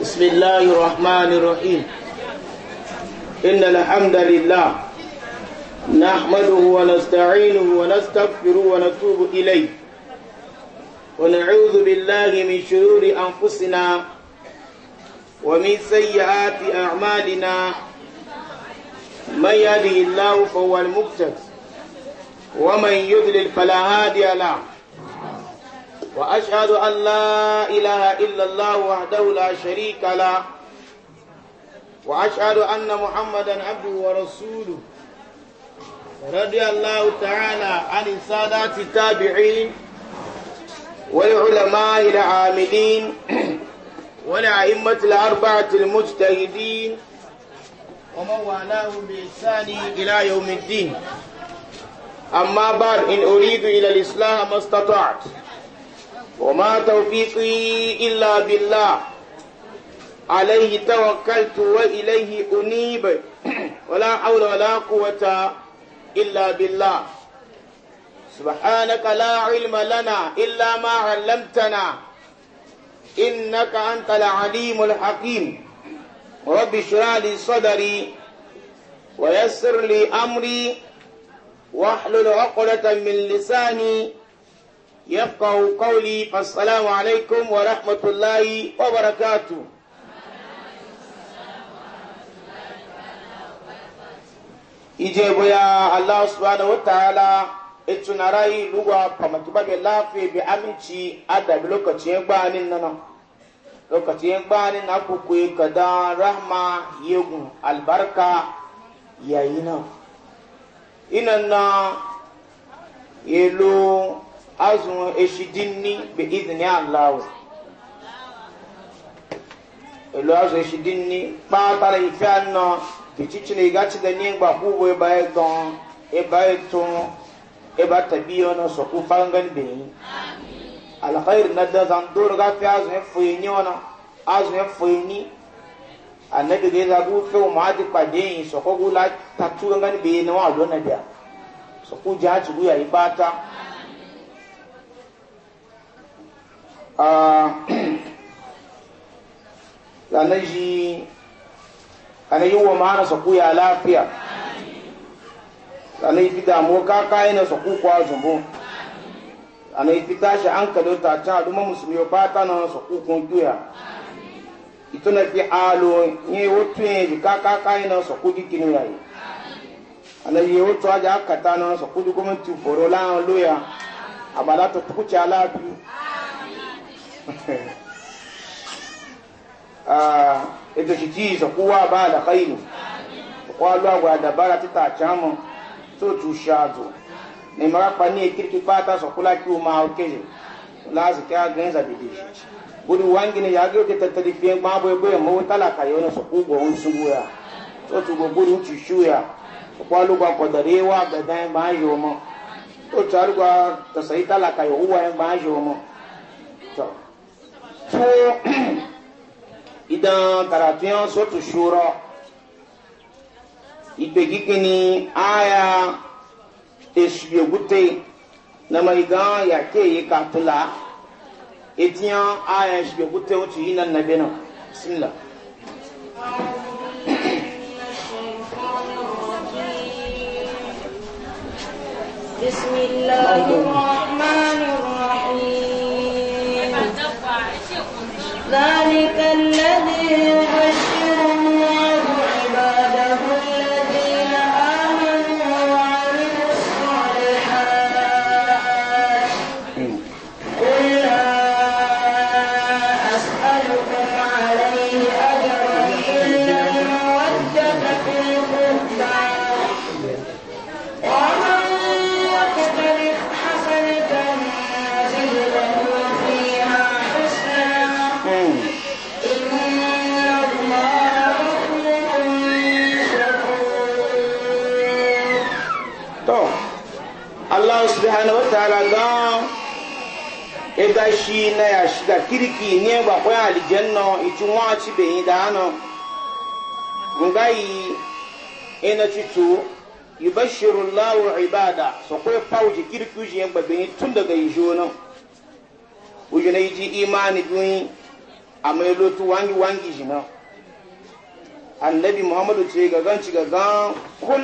بسم الله الرحمن الرحيم إن الحمد لله نحمده ونستعينه ونستغفره ونتوب إليه ونعوذ بالله من شرور أنفسنا ومن سيئات أعمالنا من يهده الله فهو المقتد ومن يضلل فلا هادي له وأشهد أن لا إله إلا الله وحده لا شريك له وأشهد أن محمدا عبده ورسوله رضي الله تعالى عن سادات التابعين والعلماء العاملين والأئمة الأربعة المجتهدين ومن والاهم بإحسان إلى يوم الدين أما بعد إن أريد إلى الإسلام ما استطعت وما توفيقي إلا بالله عليه توكلت وإليه أنيب ولا حول ولا قوة إلا بالله سبحانك لا علم لنا إلا ما علمتنا إنك أنت العليم الحكيم رب اشرح لي صدري ويسر لي أمري واحلل عقدة من لساني يفقه قولي فالسلام عليكم ورحمة الله وبركاته ijebu ya Allah subhanahu wataala itunara yi lugwa pamatuba bi lafi bi aminci adabi lokaci ya gbani nana lokaci ya gbani na kuku kada rahma yegun albarka yayi nan inan na yelo azun eshidinni be izini alawo elu azun eshidinni kpaatara ife anọ tichichina igati da nigba kwubo eba egan eba etun eba tabi ona sokwu fangan beyin alkhairi na da zandoro ga fi azun efo enyi ona azun efo enyi anabi ga izagu fe umu adi kpade yin sokwu gula tatu gangan beyin na wa adona dia sokwu jihati guya ibata ranar shi ana yi wa ma'ana saku ya lafiya ranar yi fi ka kaka yana saku kwa zubo ana yi fi tashi an kalota ta duma musulmi fata na saku kun duya ito na fi alo yi otu yin ji kaka kayi na saku gikin yayi ana yi otu aja akata na saku di gwamnati foro la'an loya abalata tukuci alafi ètò ìṣìtì ìṣọ̀kú wà bá àdàkọ́ ìlú ọkọ̀ alúwàgbà àdàbára títà àjámọ̀ tó tù ṣáàdù ní marapa ní ekirki pátá sọ̀kúlá kí o máa kéje lásìkò àgbẹ̀yìn sàdìdì gudu wangine ya gyo tattali fiye ma bai bai mu talaka yau na saku gowon su goya to tu gudu ci shuya kwalu gwa kodarewa ga dan ba yo mu to taru gwa ta sai talaka yau wa ba yo mu to to idan karatuyan sotu shura ikpegikini aya eshiogute na maigan yake yi katula etiyan aya eshiogute otu yi nan nabe nan bismillah بسم الله الرحمن ذلك shi na ya shiga kirki ne ba kwa alijanna iti wa ci be yi dano yi ina citu yubashiru Allahu ibada so ko pauji kirki ji yan babe tun daga yijona ujina yi imani dun amai lotu wangi wangi jina annabi muhammadu ce ga gan ci ga kul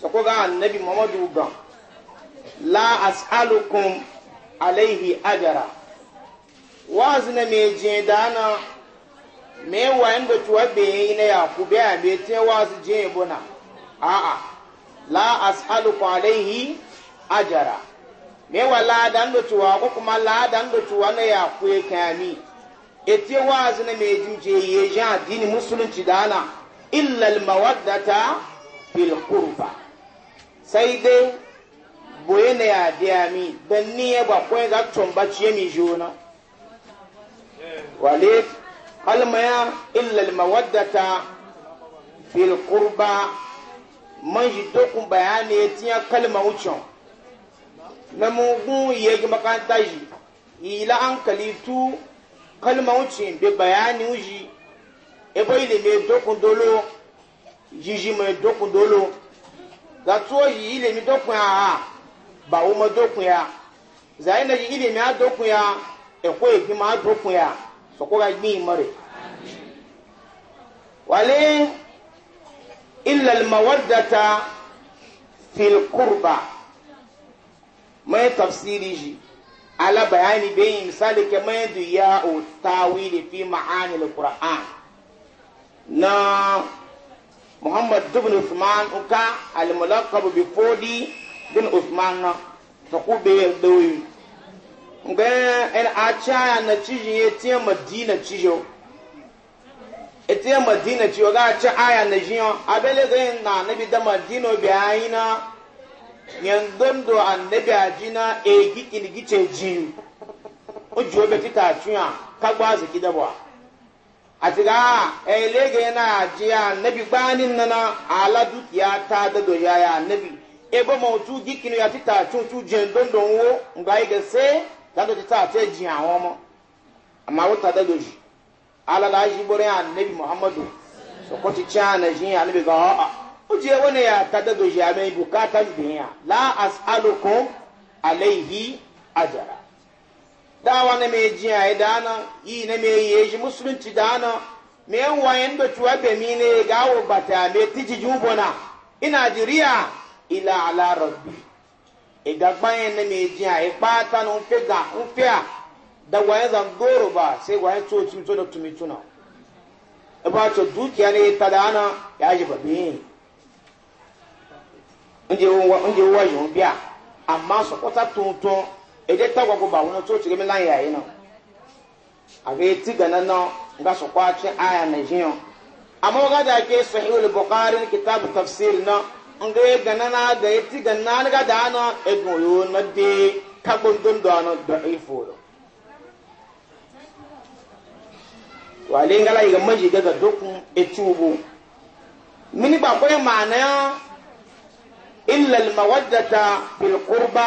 so ko ga annabi muhammadu ga la as'alukum alaihi ajara wazi na mai je dana mai wayan da tuwa bai na yaku bai a bai te wazi je buna a'a la as'alu alaihi ajara mai wa ladan da tuwa ko kuma ladan da tuwa na yaku ya e kami ete wazi na mai juje ya ja dini musulunci dana illa almawaddata fil qurba sai dai boye na ya biya mi dan ni e ba ko ga tumbaci mi jona wale kalmaya illal mawaddata fil qurba man ji dokun bayani tiya kalma wucin na mugun yegi makanta ji ila an kalitu kalma wucin be bayani wuji ebo ile me dokun dolo jiji me dokun dolo ga tuwo yi ile mi dokun a ba wo ma dokun ya zai na yi ile mi a dokun ya ẹ̀kọ́ ègbín máa dókun yà sọ̀kọ́ra gbìn ìmọ̀ rẹ̀. wàlẹ́ ìlàlùmọ̀wọ́dàta filkurba mai tafsiri shi ala bayani bayin misali ke mai duya o tawili fi ma'ani al-qur'an na muhammad dubin usman uka al-mulaqab bi fodi bin usman na ta kube da nga en achaya na chiji etie madina chijo etie madina chijo ga acha aya na jiyo abele ga na nabi da madina bi ji obi annabi ajina egi kinigiche jin ojo be kita chuya kagba ze kidabwa atiga elege na ajiya annabi gbani nana ala dukiya ta da ya ya bi. annabi e ma otu gikinu ya ti tita chuchu jendondon wo nga ga se tando ti taa tɛ jin àwọn ọmọ àmà wò tata do zi alala ayi bori anabi muhammadu sɔkò ti tiɲɛ ana zi anabi kan ɔɔ ah, ah. o jɛ wani ya da do zi ame bukata bihin ya la as alukun alehi ajara dawa e na mai jin ayi daana yi na mai yi ezi musulunci me mai wayan da tuwa bɛmi ne gawo bata mai tijijin bona ina jiriya ila ala rabbi. igagbayin na mai jiya ya ɓata na ga nfe a da wayan zangoro ba sai wayan tsoci mito da tumi na e ba to dukiya ne ta da ana ya ji ba biyin ndị wa yi amma su kwata tuntun ede ta gwagwa ba wani tsoci gami lan yayi nan a ga na aya na jiyan amma ga da ke sahihul kitabu tafsir na nga ye gana na ga ye ti ga na ga da na e go yo na de ka go ndon do na da e fo do wa le ngala yi maji ga daga dokun e tubu mini ba ko ma na illa al mawaddata fil qurba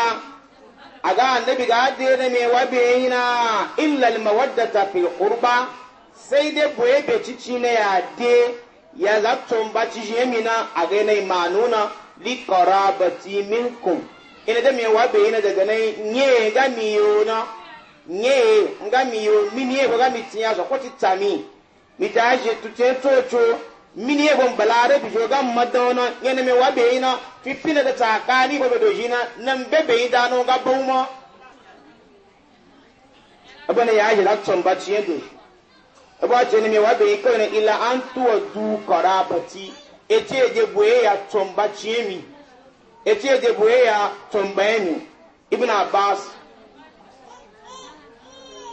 aga annabi ga de ne me wa be ina illa al mawaddata fil qurba sai dai boye be cici ne ya de ya za tomba ci shi yamina a ga yanayi manuna li qarabati minkum ina da me wabe ina daga nai nye ga miyo na nye nga miyo mini e ga mitinya so ko titami mi ta je tute tocho mini e bon balare bi joga madona yana me wabe ina fifina da takani ba do jina nan bebe ida no ga buma abana ya je la tomba ci yendo eba ce ne me wabe yi kawai ila an tuwa du karabati eti eje boye ya tomba ciemi eti eje boye ya tomba emi ibn abbas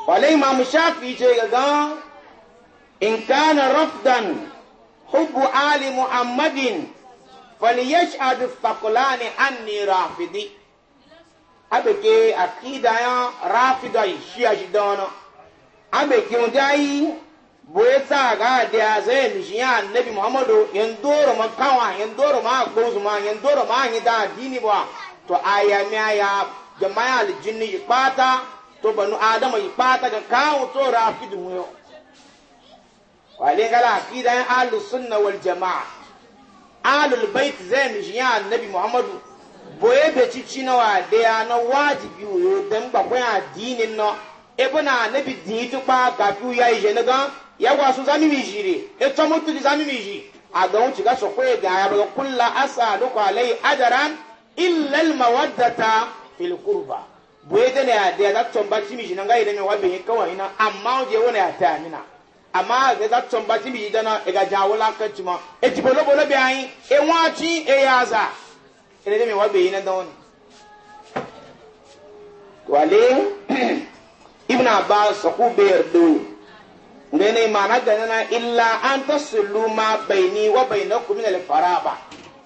wale imam shafi ce gaga in kana rafdan hubbu ali muhammadin falyashhad faqlani anni rafidi abeke akida ya rafida shi a abeke mu dai sa ga dia zen jiya nabi muhammadu yan doro ma kawa yan doro ma gozu ma yan doro ma ni da dini ba to aya mi aya jama'a aljinni ipata to banu adama ipata ga kawo to rafidu yo wale gala yan ahlus sunna wal jamaa ahlul bait zen jiya nabi muhammadu boye be cici na wa dia na wajibi yo dan ba ko ya dini no ebona na nabi dini to pa ga biu ya je na ga yagwa su zami mi jire eto mutu zami mi ji aga un ci ga so ko ga ya ba kullu asaluka alai ajran illa al mawaddata fil qurba boye da ne ade da ton ba ci mi jina ga ire wa wabe kawai na amma je wona ya ta mina amma ga da ton ba ci mi jina e ga jawo la ka ci ma e ti bolo bolo bi ayin e wa ci e ya za ire ne wa wabe ina da woni wale ibn abbas ko be yardo ndene mana ganana illa an tasullu ma baini wa bainakum min al-faraba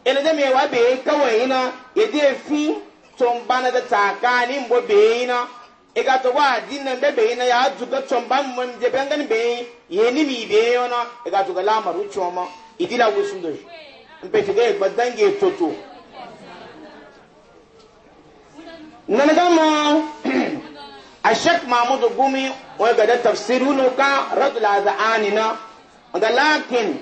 ene de me wa be kawai ina yede fi ton bana da takani mbo be ina e ga to wa dinna be be ina ya duga ton ban mun je bangan be yeni mi be yona e ga to ga lamaru choma idila wusundo mpe te ga gbadange toto nanagama الشيخ محمود القومي وقد تفسيرونه كرد na لكن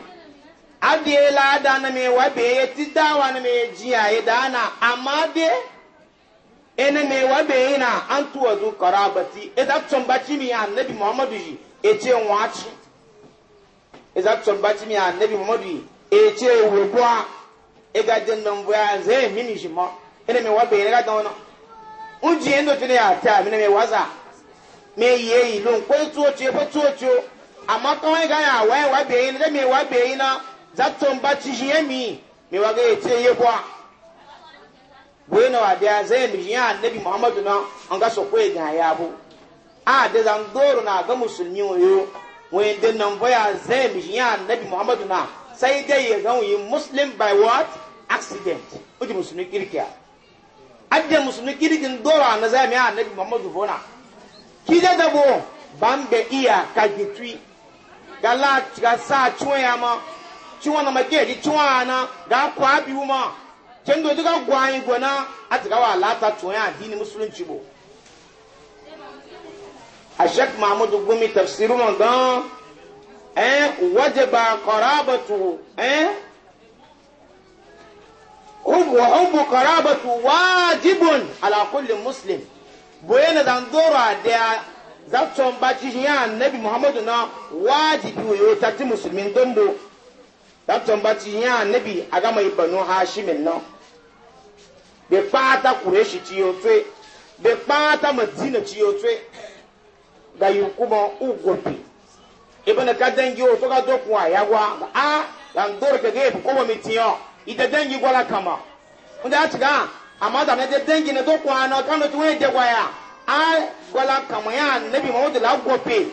أدي لا دانا مي وبي تداوى مي جيا دانا أما دي ene wabe ina an tuwa zu karabati idan e tumbaci mi annabi muhammadu yi ece nwaci idan e tumbaci mi annabi muhammadu yi ece wubuwa iga e jinnan buya zai mini shi ma ene me wabe ina ga dauna unji yendo ya ta mina me waza me yeyi lo nkwe tuo tuo po tuo tuo amma kan wai ga ya wai be yin na za to mba ci shi yemi me wa ga ce ye annabi muhammadu na an ga so ko a da zan doro na ga musulmi oyo adde musulmi kirkin dora na zami a nabi muhammadu bona ki da dabo ban be iya ka gitwi gala ga sa chuwa ya ma chuwa na make di chuwa na ga kwa bi ma kendo diga gwani gona atiga wa lata chuwa ya dini musulunci bo ashek mahmudu gumi tafsirun gan eh wajaba qarabatu eh hub wa hubu qarabatu wajibun ala kulli muslim boyena dan a adea zato mbaji ya nabi muhammadu na wajibi yo tati muslimin dombo zato mbaji ya nabi agama ibanu banu hashimin na be pata kureshi ti yo twe be pata madina ti yo twe ga yukuma ugopi ibn kadangi o to ya dokwa yagwa a dan doro ke ge ko mi tiyo ita dangi gwala kama wanda ya ciga amma da na dangi na zo kwana kano tuwe de gwaya a gwala kama ya nabi mahmudu la gope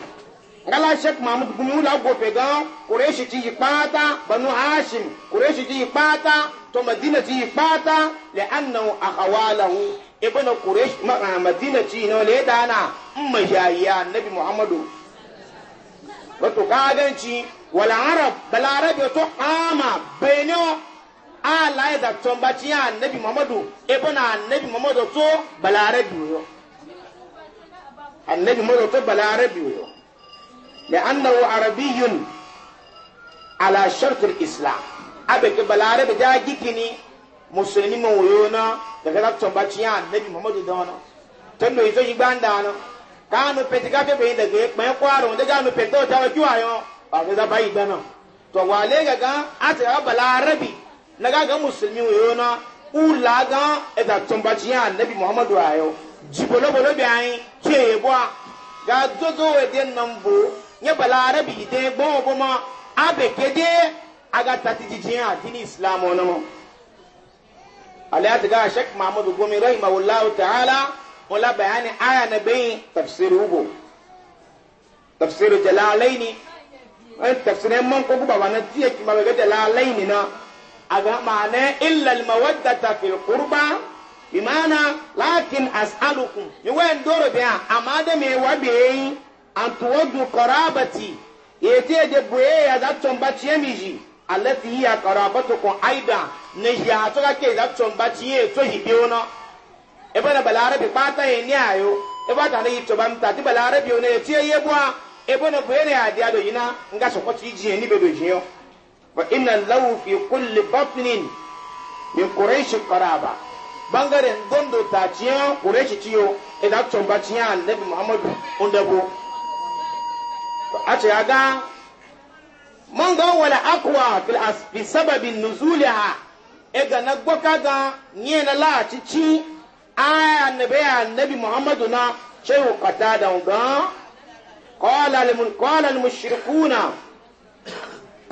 ngala shek mahmud gumi la gope ga kureshi ji pata banu hashim kureshi ji pata to madina ji pata li annahu akhawalahu ibn e quraish madina ti no le dana umma yayiya nabi muhammadu wato kaganci wal arab balarabe to ama bainawa ala da tomba ci ya annabi muhammadu ebo na annabi muhammadu to balarabi yo annabi muhammadu to balarabi yo لأنه عربي على شرط الإسلام أبك بالعرب جاء جيكني musulmi mun wuyo na daga lafton bacci ya annabi muhammadu da wani tun da izo jigba da wani ka nu peti ka febe yi daga ekpe kwaro de ga nu peto ta wa juwa yo ba ga ba bayi dana to wale ga ga a ta ga na musulmi yo na ula ga ya nabi muhammadu ayo jibolo bolo bi ayin ke a ga dodo we den nambo nye bala arabi de gbo bo ma abe kede aga tati jiji ya dini islam ona mo alayat ga shek mahmud gumi rahimahullahu ta'ala wala bayani aya na bayin tafsir hubo tafsir jalalaini ai tafsirin man ko baba na tiye ki na aga ma'ana illal mawaddata fil qurba imana lakin as'alukum ni wen doro biya amma da me wabe yi an tuwaddu qarabati yete de boye ya da tomba chemiji allati hiya qarabatukum aida ne ya to ka ke da tomba chiye to hibe ona e bana balarabi pata ye ni ayo e bata ne to bam ta ti balarabi ona ye tie yebwa e bana boye ne adia do yina nga sokoti ji ni bedo jiyo فإن له في كل بطن min kureshi qaraba bangaren gondo ta ciyan kureshi ciyo idan ba ciyan annabi muhammadu undabo a ce ga ga wala akwa fil asbi sababin nuzuliha e ga na gwaka ga nye na la ci ci aya annabi annabi muhammadu na kata da ga qala al mushrikuna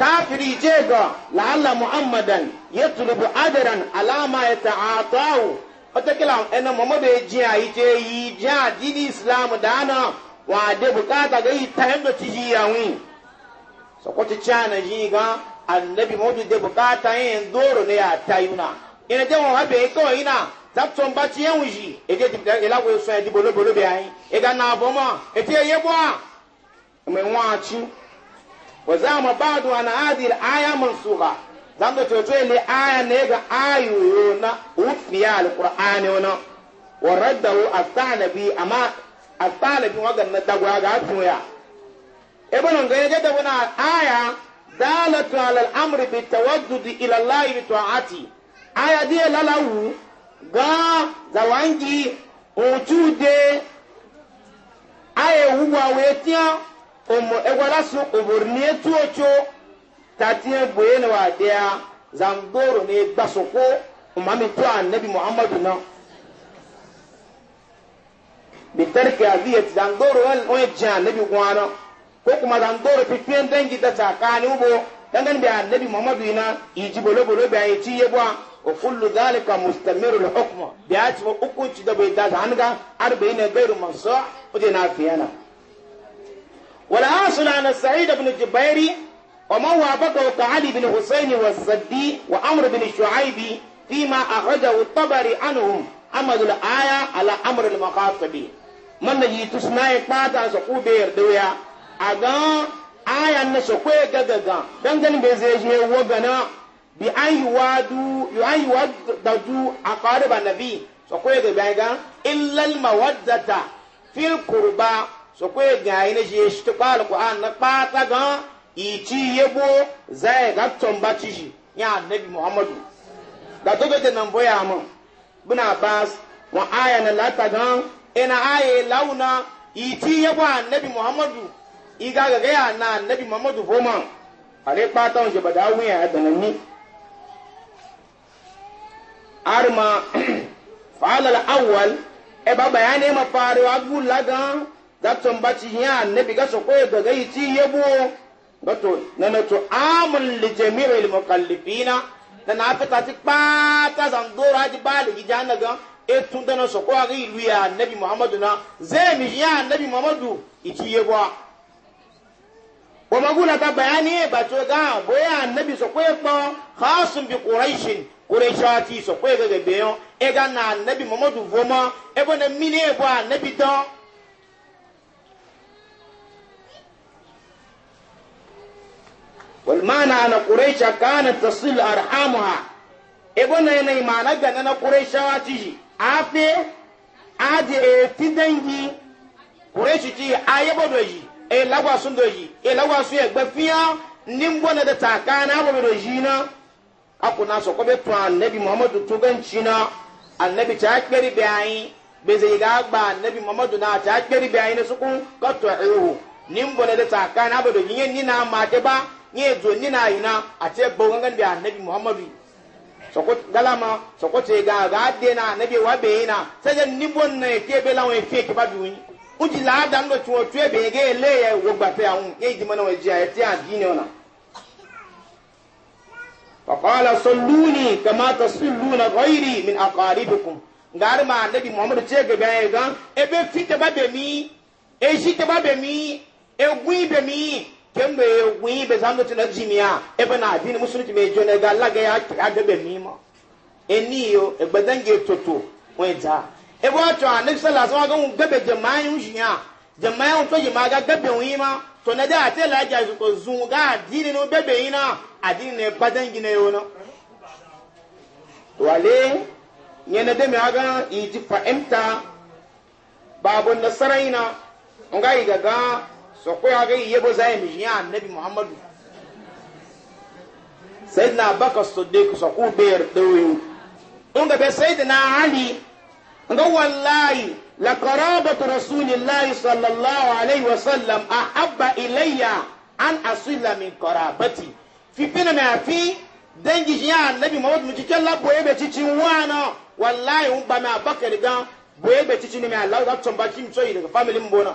kafiri je ga la'alla muhammadan ya tulubu adaran alama ya ta'atahu watakila ena muhammadu ya e ji a ite yi ji a dini islam dana wa de bukata ga yi ta yadda ci ji yawin sakwati cana ji ga annabi muhammadu de bukata yin doro ne ya ta na. ina de wọn haɓe kawai ina tapton ba ci yawun ji ege jibda ilawo e sun ya di bolobolo bi ayin ega na aboma ete yebo a e mai wọn a ci wa zama ba an hadhihi al-aya mansukha zan da toto ne aya ne ga ayu na ufiya al-qur'ani wana wa raddahu at-tanabi amma a tanabi wagan na dagwa ga tuya ibn ga yaje da wana aya dalatu ala al-amri bi tawaddud ila Allah bi ta'ati aya dia lalawu ga zawangi ujude aya wuwa wetiya omo egwala su oborni etu ta tatie gboye na wa dea zangoro ne gbasoko umami to annabi muhammadu na bitarki aziyat zangoro wal oje annabi gwana ko kuma zangoro fitien dangi da tsakani ubo dangan bi annabi muhammadu ina iji bolo bolo bi ayi ci yebwa wa kullu dhalika mustamiru al hukma bi ati hukunci da bai da zanga arba'ina gairu mansa uje na fiyana والحاصل أن سعيد بن الجبير ومن وافقه كعلي بن حسين والسدي وعمر بن شعيب فيما أخرجه الطبري عنهم عمل الآية على أمر المخاطب من نجي تسمعي قاطع سقو بير دويا أغان آية نسقو غغغا دنجن بزيجي وغنا بأن يوادو يأن يوادو أقارب النبي سقو غغا إلا المودة في القربى so kwe ga ina je shi ta kwal qur'an na pata ga iti yebo zai ga tomba ciji ya annabi muhammadu da to bete nan boya mu buna bas wa aya na lata ga ina aya launa iti yebo annabi muhammadu iga ga ya na annabi muhammadu boma ale pata on je badawi ya danani arma fa'al al-awwal e ba bayani ma faru agula gan gato mbaci hiya annabi gaso ko daga yiti yabo gato nana to amul li jami'il muqallibina nana fata ti pata zandora ji bali ji jana ga e tun dana so ko ga ilu ya annabi muhammadu na zemi hiya annabi muhammadu iti yabo wa magula ta bayani ba to ga boya annabi so ko ko khasun bi quraishin quraishati so ko ga ga beyo e ga na annabi muhammadu voma e bona mini e bo annabi don والمعنى أن قريش كانت تصل أرحامها إبنا هنا معنى أن قريش واتجي afe adi eti di kureshi ti ayebo doji e lagwa sun yi e lagwa sun egbe fiya nimbo na da taka na abo doji na aku na so ko be tun annabi muhammadu to na annabi ta kperi be ga na ewu na na nye zonni na yina a ce bawon gan bi annabi muhammadu sokot galama sokot e ga ga de na annabi wa be ina sai je nibon na ke be lawo e fake ba biwin uji la da ndo tuwo tuwe be ge le ye wo gba pe awun ye ji mana wa ji aye ti adini ona fa qala salluni kama tasalluna ghairi min aqaribikum ngar ma annabi muhammadu ce ga ga e ebe fite ba be mi e shi te ba be mi e gwi be mi kembe wii be zan tina jimia jimiya ebe na adini musulunci mai jona ga laga ya kira gabe mimo eni e egbedange toto wọn ja ebe wato a nabi sallah sama ga wọn gabe un yin shi ya jama'a to ji ma ga gebe un ima ma to na da a te laja su ko zun ga adini no bebe yi na adini ne egbedange na yi na wale ne da mai aga yi ji emta babu nasarai na nga yi gaga so ko ya ga iye bo zai mi ya annabi muhammadu sayyidina abubakar siddiq so ku be yarda wayo in ga be sayyidina ali ga wallahi la qarabatu rasulillahi sallallahu alaihi wa sallam ahabba ilayya an asila min qarabati fi bina ma fi dangi ya annabi muhammadu mu cikin labo ebe cikin wana wallahi un ba ma abubakar gan bo ebe cikin ne mai allah da tamba kim so yi daga family mbona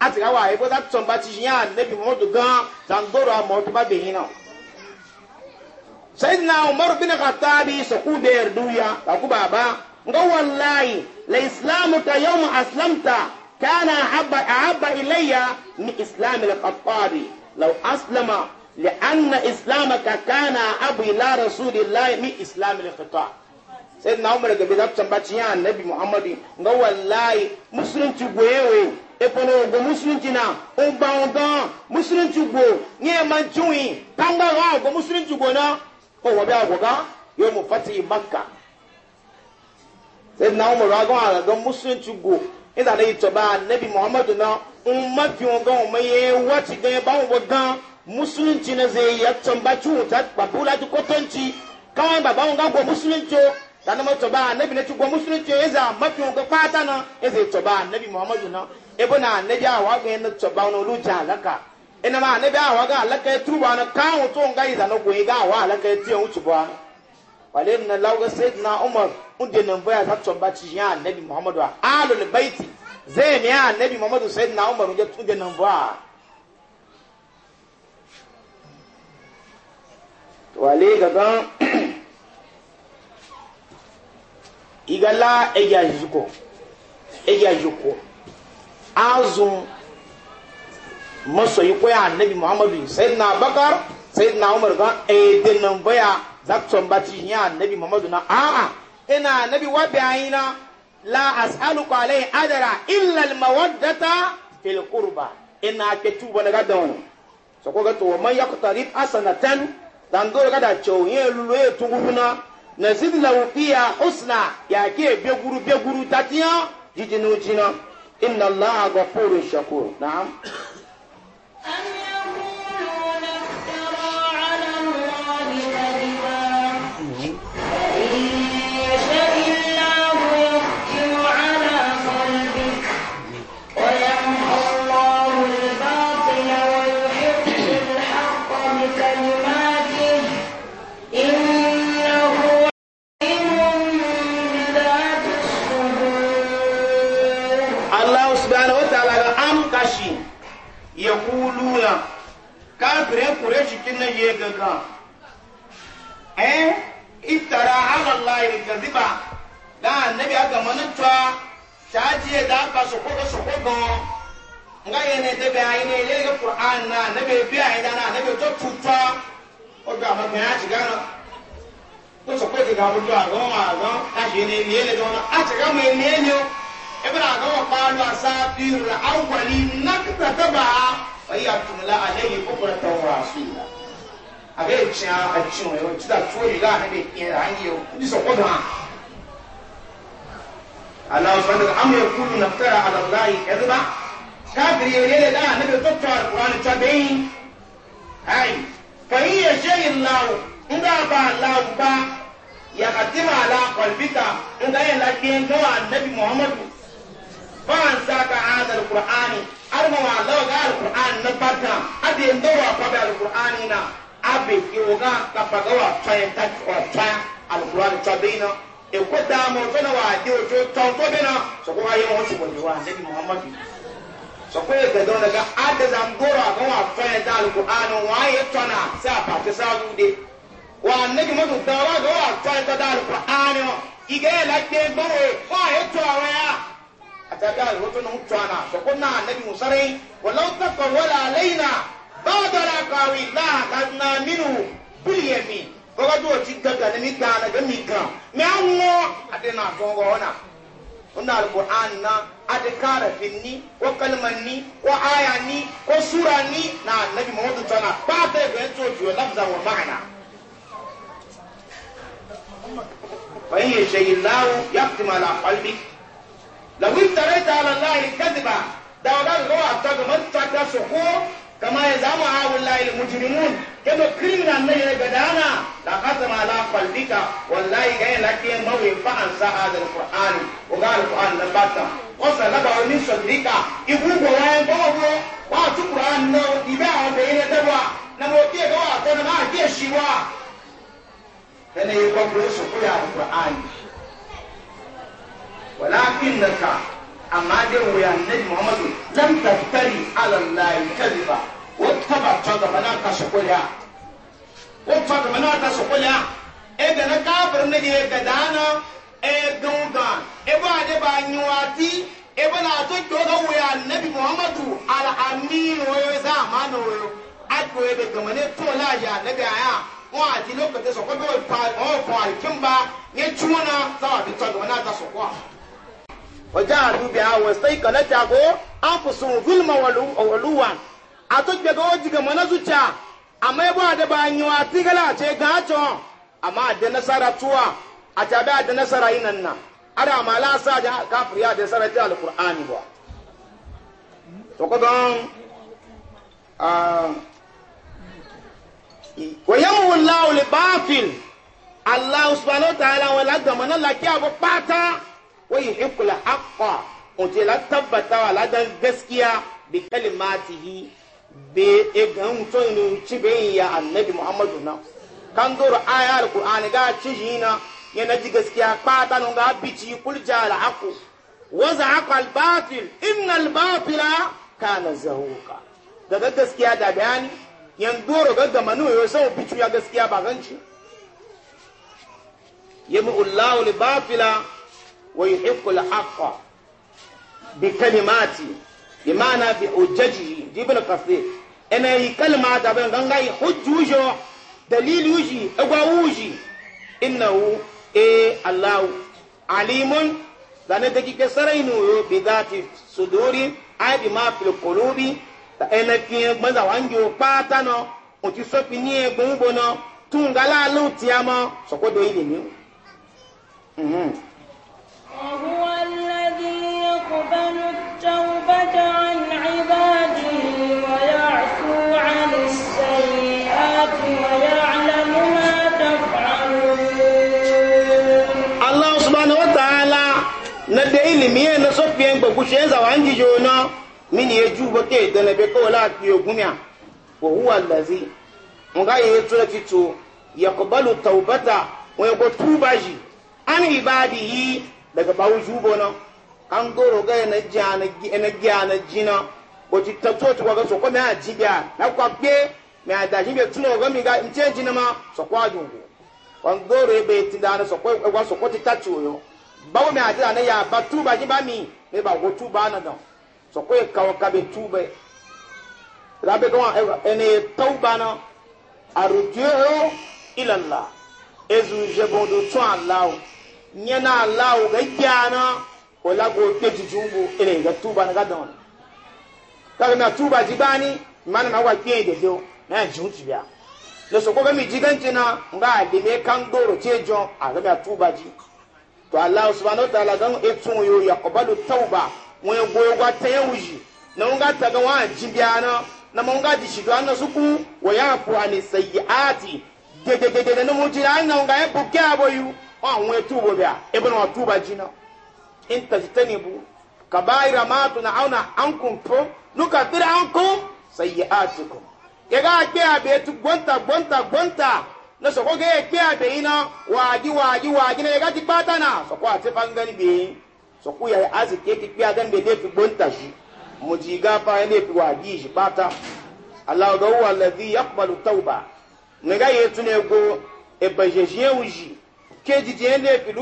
ati ka waaye bota tsɔmba ti nya nebi mɔdu gan zandoro a mɔdu ba beyin na sayidina umaru bin khattabi sɔku beer duya ka ku baba nga wallahi la islamu ta yawma aslamta kana ahabba ahabba ilayya min islami al-khattabi law aslama لأن إسلامك كان أبو إلى رسول الله من إسلام الخطاب سيدنا عمر قبل أبتن باتيان نبي محمد قال والله مسلم تقويوه ekpɔnɔ ogun musulunci na o gbawo ah, gan musulunci go ní ẹ máa ń tún yìí kángbà hàn ogun musulunci go náà o wọ bí aago gan yóò mú fati maka sẹ́yìn náà wọ́n mọ̀ ọ́gán musulunci go nígbà tí ìtọ́ba muhammadu náà ń má fi wọn gan wọn yé wọ́ọ̀tì gan yẹn báwọn wọ gan musulunci náà ṣe yẹ tọ́nba tí wọn ta pàpọ̀ láti kó tọ́ǹtì káwọn bàbá wọn gan gbọ́ musulunci o tani mo tọ́ba nẹ́bí náà ti gbọ́ musulunci o ẹ̀ ebe na anabi awa e ga yin tsoba na olu alaka ina ma anabi awa ga alaka ya tuba na kawo e to nga zana goyi ga alaka ya tiye wuce ba wale na lauga sayyid na umar unde nan baya za tsoba ya anabi muhammadu alul baiti zai ne ya muhammadu sayyid na umar unde nan baya azun masoyi koya annabi muhammadu sayyidina bakar sayyidina umar gan aidin eh, baya zakton bati ya annabi muhammadu na a'a ina annabi wa bayina la as'aluka alai adara illa al mawaddata fil qurba ina ke tuba daga don so ko ga to man yaqtarib asanatan dan do ga da chowye lulu e tunguna nazid lahu fiha husna ya ke be guru tatiya jijinu jina inna allaha ghafurun shakur na'am na ye gaga eh iftara ala allah kaziba da annabi aga manatwa shaji da ba su ko su ko go nga ye ne de ba ye ne ye qur'an na ne be bi ai da na ne be to tutwa o ga ma ga ji ga na ko so ko ga mu to ago ma ago ta je ne ye le do na a ti ga mu ne ne ibn ago e wa qalu asafir awwali nakta taba wa hiya tumla alayhi bukratan wa asila aga ekyia akyiw yɛ ɔkyi da tuo yi laa ne bɛ yɛ anyi yɛ ɔkudi sɛ ɔkɔdɔ a alahu sɔrɔ ndeka amu ekuru naftara alalayi ɛdeba kaabiri yɛ yɛlɛ daa ne bɛ tɔtɔ akuran twa bɛyi ayi fayi yɛ hyɛ yi lawo nga ba lawo ba yakatima ala kɔlbita nga yɛ la gbɛn gawo anabi muhammadu fansa ka azal kur'ani arma wa lawo ka alkur'ani na barka adi ndawo akwabe alkur'ani na abe iwo na kapaga wa tɔn ta wa tɔn alukura ni tɔ bɛ yen nɔ eko daa mo fɛnɛ wa di o to tɔn to bɛ na sɔkò wa yɛlɛ wɔn ti bɔnɛ wa ne ni muhammadu sɔkò yɛ gɛdɔn na ka adada n bɔra a kan wa tɔn ta alukura ni wa ye tɔn na se a pati saabu de wa ne ni muhammadu dɔn wa kan wa tɔn ta alukura ni wa ike yɛ la gbɛn gbɛn o ye wa ye tɔn awɛ ya a ta bɛ alukura to na o tɔn na sɔkò na ne ni musare wala o ta kɔ wala ale yi bọ́ọ̀dọ̀lá kọ̀wé náà kanna mínú bílíẹ̀ mi kọ́kọ́ tó ti gàgà ní mi gbà nàgẹ́ mi gàn mi à ń wọ́ àti nà tó ń wọ́ ọ̀nà ọ̀nà àlùkò àná àti kárẹ̀fì ní wọ́n kálímà ní wọ́n àyà ní súra ní nàbí tó tọ́nà ìfẹ́ tó jù ọ́ yàtìmọ̀ àlà làwọn ìtàrẹ́ta كما يزعم هؤلاء المجرمون كما كرمنا ان يبدانا لا قسم على قلبك والله جاي لك موي فان سا هذا القران وقال القران لبات قص لبا من صدرك يبوك وين بوبو واتو قران نو ديبا بين دبوا نمو كي دوا تنما كي شيوا كان يبوك وسو قران ولكنك amma dai mu ya annabi muhammadu lam taftari ala allahi kadiba wata ba ta gaba na ka sokolya wata gaba na ka sokolya e ga na kafir ne ga ga dana e gunga e ba de ba nyuati e ba na to ko ga mu ya annabi muhammadu ala amin wa yo za ma no ako e ga mane to la ya ne ga ya wọn àti lókè tẹsán kó wọn fọ àìkínba yẹn tí náà sábà fi tọjú wọn náà ta sọkọ àwọn. وجاهدوا بها واستيقنتها كو أنفسهم ظلما ولوا أتوجب كوجب منزوجا أما يبغى دبا نيوا تيغلا تيغاتو أما أدنى سارة توا أتابع أدنى سارة إننا أرى ما لا ساجا كافر يا أدنى سارة القرآن بوا تقدم آه ويمو الله لبافل الله سبحانه وتعالى ولا دمنا لكي أبو باتا wayin ikula haƙƙa ote la tabbatawa la dan gaskiya bi kalimatihi be e gan to inu ci be ya annabi muhammadu na kan doro aya alqur'ani ga ci hina yana ji gaskiya kpata no ga bici kulja al haqu wa zaqa al batil inna al batila kana zahuqa daga gaskiya da bayani yan doro ga gamanu yo sau bicu ya gaskiya ba ganci yamu ullahu al batila ويحق الحق بكلماتي بمعنى بحجته دي ابن كثير انا يكلمة دابن غنغاي حجوجو دليل وجي اغاوجي انه اي الله عليم لان دقيقة سرينو بذات صدور اي بما في القلوب انا في مزا وانجو باتانو وتي سوبي ني غونبونو تونغالا لوتيامو سوكو دو يلي نيو وهو الذي يقبل التوبة عن عباده ويعفو عن السيئات ويعلم ما تفعلون الله سبحانه وتعالى ندعي لمية نصف ينبقى بشيزة وعنجي جونا mini yeju boke dana be ko la ti ogunya wa huwa allazi nga ye to ti to yaqbalu tawbata wa yaqtuba ji an ibadihi daga bawu zubo na kan goro ga na jana na ji na ko ti ta to ko ga so ko me a jibia na kwa gbe me a da jibe tuno ga mi ga nte jina ma so kwa jungu kan goro e be ti da na so ko e wa so ko ti ta ti yo bawu me a da na ya ba tu ba ba mi me ba go tu ba na da so ko e ka wa ka e. be tu be rabe ko ene tauba na arujeo ila Allah ezu do tun Allah nye na lawo ga gyana o lago pe jujumbu ele ga tuba na gadon kaga na tuba jibani ma na wa pe de do na junti bia le so ko ga mi jiganti na nga de me kan doro a aga na tuba ji to allah subhanahu wa ta'ala dan etun yo yaqbalu tauba mo go gwa tayuji na nga taga wa jibiana na na mo nga dishidu ana suku wa yafu ani sayyiati de de de de na mo ji na nga e buke aboyu wọn àwọn etu wo ebe na wọn tuba ji na intajitani bu kabaira ma tu na auna an kun po nuka fira an kun sayi ati kun yaga akpe abe etu gbonta gbonta gbonta na sɔkɔ ga-ekpe abe yi na waaji waaji waaji na yaga ti kpata na sɔkɔ ati fangani bi ya yɛ azi keke kpe agani bi n'efi gbonta mụ si muji gafa n'efi waaji ji kpata alahu gawo aladi yakubalu tawba nga yɛ tunu ego ebazɛziɛ ji. keji je ne fi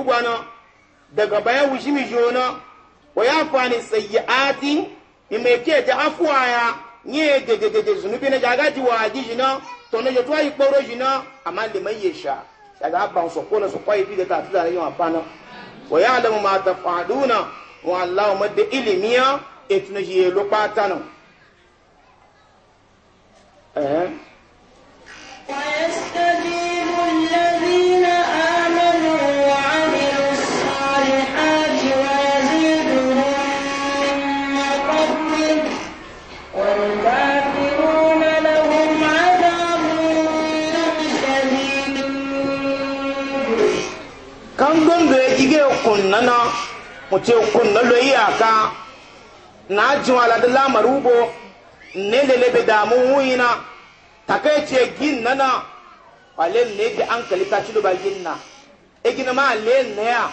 daga bayan wushi mi jona wa ya fani sayyi'ati ni me ke ta afuwa ya nye de de de zunubi na jaga ji wa ji jina to ne to ayi jina amma le mai daga ban so ko na so kwai bi da ta tsara yin afana wa ya alamu ma tafaduna wa Allah ma da ilimiya etuna je lo patano eh ويستجيب الذين nana mutu kunna lo iyaka na jiwa ji da lamar ubo ne lelebe damu wuyina takaice gin nana walen ne da an kalita ci ba gin na egina ma le ne ya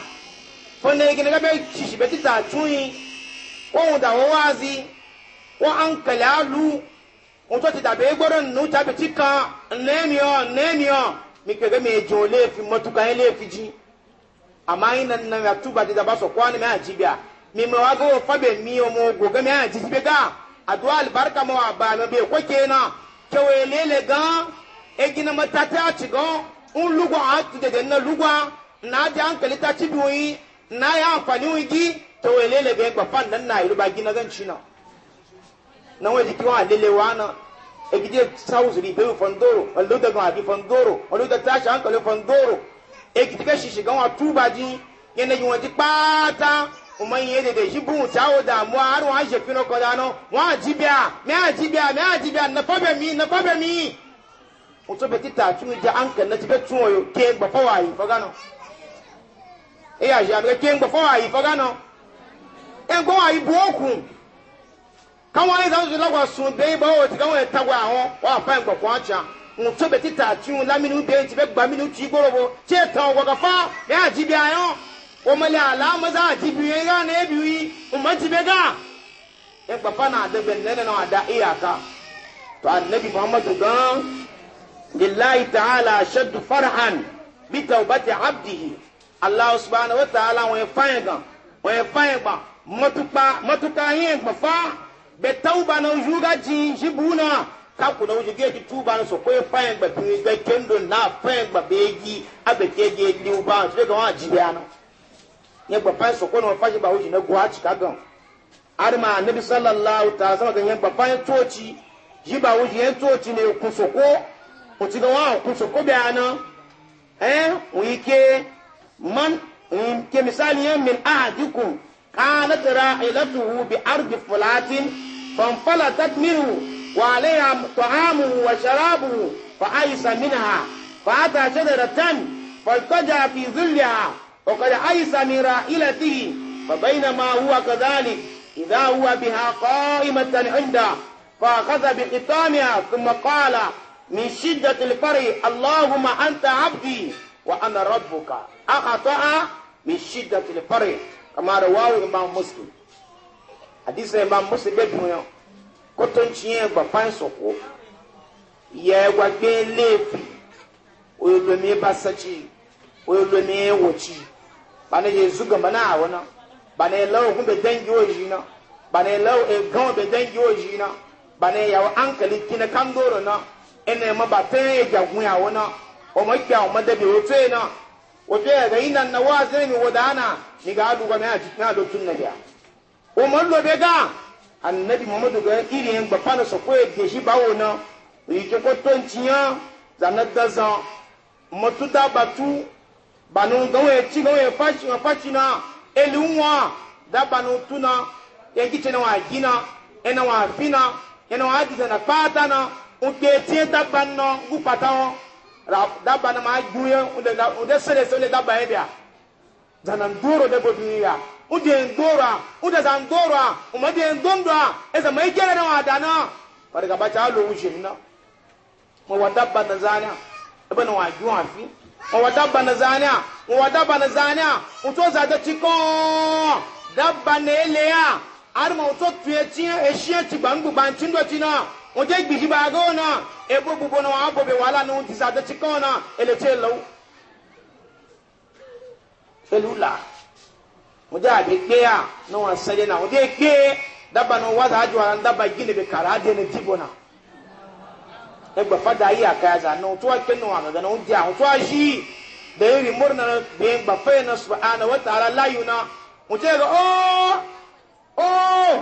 fone egina ga be ci be tita tuyi ko da wazi ko an kalalu o to ti da be gboro nu ta bi ti kan nemi o nemi o mi kege me jole fi motuka fi ji amma ina na ya tuba da da baso kwani mai ajibiya mi mai wago fabe mi o mo go ga mai ajibiya ga adwa albarka mo aba na be ko ke kena kewe lele ga egina matata ci go un lugo a tu de na lugo na ji hankali ta ci biyoyi na ya amfani wigi to lele ga gba fan nan na yi ba gina gan ci na wani jiki wa lele wa na egide sauzuri be fondoro alluda ga bi fondoro alluda tashi hankali fondoro ekitika shishi gan wa tuba ji yana yi wani kpata umar yi ji shi bu ta o damuwa har wa shi fino ko dano wa jibiya me a jibiya me a jibiya na fabe mi na fabe mi o to beti ta tun ja an kan na ti betu o ke gba fa wa yi fa gano e ya ja me ke gba fa wa yi fa gano e go wa yi bu oku kan wa ni da su lagwa sun be ba o ti kan wa ta gwa awon wa fa gba ko acha ŋutɔ bɛ tita tiw lamini bɛ ti bɛ gbamini ti gboro bo tiɛ tɔn wɔkɔ fa bɛ a jibi a yɔn o mali a la masa a jibi yɛ nga ne bi yi o ma ti bɛ ga e gba fa na a dɛbɛ ne nana da e y'a ka to a nabi muhammadu gan lillahi ta'ala shaddu farhan bi tawbati abdihi allah subhanahu wa ta'ala wɔn ye fan ye gan wɔn ye fan ye gba matuka matuka yin gba fa bɛ tawba na zuga jin jibuna kaku na wuce geji tuba na so ko fayan ba fi ga kendo na fayan ba beji abeke je liu ba so ga wa jibe ano ne gba fayan so ko na fashi ba wuce na gwa ci kagan har ma annabi sallallahu ta'ala sama ganyen gba fayan toci yi ba wuce yan ne ku so ko ku ci ga wa ku so ko be ano eh wike man ke misali yan min ahadikum kanat ra'ilatuhu bi ardi fulatin fanfalatat minhu وعليها طعامه وشرابه فأيس منها فأتى شجرة فالتجأ في ظلها وقد أيس من رائلته فبينما هو كذلك إذا هو بها قائمة عنده فأخذ بختامها ثم قال من شدة الفرح اللهم أنت عبدي وأنا ربك أخطأ من شدة الفرح كما رواه الإمام مسلم حديث الإمام مسلم بن kotonciya gbafan soko ya gbagbe lefi oyolomi basaci oyolomi woci bana ye zuga mana a wana bana ye lawo kun bɛ dangi o yi na bana ye lawo e gan bɛ dangi o na bana ye yawo ankali kina kan doro na ene ma ba tɛn ye jagun na wana o ma kya o ma dabi o to yen na o to yen ka yi na na waa zeni mi wo daana ni ka a duga na ya do tun na ja o ma lo bɛ gan. annabi muhammadu ga irin gbafa na sako ya ke shi bawo na rike kwaton ciya zanar da zan matu da batu banu gawaye ci gawaye fashi na fashi e na elinwa da banu tuna ya gice na wa gina ena wa fina ena wa adida na fata na nke tie daba na gupata wọn daba na ma gbuye unde sere sere daba ya bia zanan duro da bobi ya ude ngora ude za ngora umade ngondwa eza maigere na wadana barika bacha alu ujimna mo wadabba na zania ebe na waju afi mo wadabba na zania mo wadabba na zania uto za da chiko dabba na elea ari mo uto tuye tiye eshiye ti bangbu bantindo tina oje gbiji bago na ebo gbogbo na wa wala na unti za da chiko na elete lo elula wọ́n jẹ́ àgbẹ̀ gbé à ní wọ́n sẹ́yìn náà wọ́n jẹ́ gbé dábàá náà wọ́n dájú àwọn dábàá yìí lè fi kàrà á dé ní dìbò náà. ẹgbẹ́ fada yìí àkàyà zà náà tó wá ké nù àgàgà a wọ́n jẹ́ àwọn tó wá yí dèyí rí mọ́rọ̀ náà gbé gbà fẹ́ náà na àná wọ́n tààrà láyò náà wọ́n jẹ́ ká ọ́ ọ́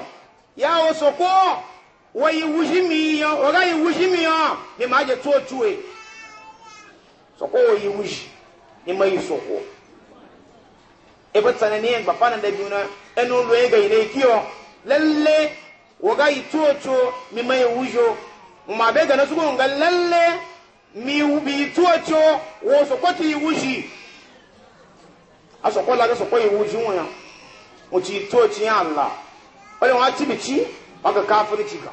yà wọ́n sọ̀kọ́ wọ́n yìí wúsí mi yàn ọ̀gá yìí wúsí mi yàn ni màá jẹ tó tu ẹ̀ sọ̀kọ́ wọ́n yi wúsí ni màá yìí sọ̀kọ́. ebe tsanani yin gbafana da biyu na ɗan ulo ya gayi ne kiyo lalle waga yi tuwoto mi mai wujo ma be gana su ga lalle mi bi tuwoto wo so kwati yi wuji a so kwala ga so kwayi wuji wani o ci tuwoci ya Allah wani wa ci bici waka kafirci ka